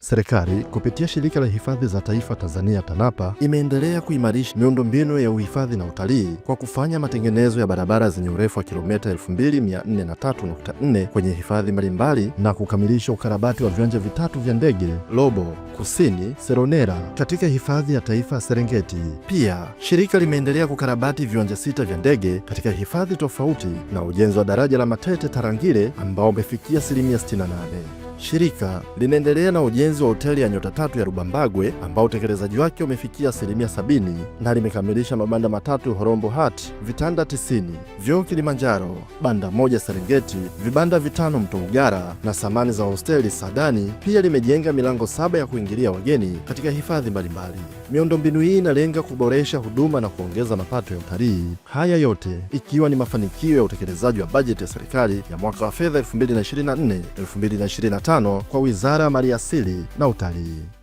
Serikali kupitia Shirika la Hifadhi za Taifa Tanzania TANAPA imeendelea kuimarisha miundombinu ya uhifadhi na utalii kwa kufanya matengenezo ya barabara zenye urefu wa kilomita 2403.4 kwenye hifadhi mbalimbali na kukamilisha ukarabati wa viwanja vitatu vya ndege Lobo, Kusini, Seronera katika Hifadhi ya Taifa Serengeti. Pia shirika limeendelea kukarabati viwanja sita vya ndege katika hifadhi tofauti na ujenzi wa daraja la Matete Tarangire ambao umefikia asilimia 68. Shirika linaendelea na ujenzi wa hoteli ya nyota tatu ya Rubambagwe ambao utekelezaji wake umefikia asilimia sabini na limekamilisha mabanda matatu Horombo Hat, vitanda tisini, vyoo Kilimanjaro, banda moja Serengeti, vibanda vitano Mto Ugara na samani za hosteli Sadani. Pia limejenga milango saba ya kuingilia wageni katika hifadhi mbalimbali. Miundombinu hii inalenga kuboresha huduma na kuongeza mapato ya utalii, haya yote ikiwa ni mafanikio ya utekelezaji wa bajeti ya serikali ya mwaka wa fedha 2024 2025 tano kwa Wizara ya Maliasili na Utalii.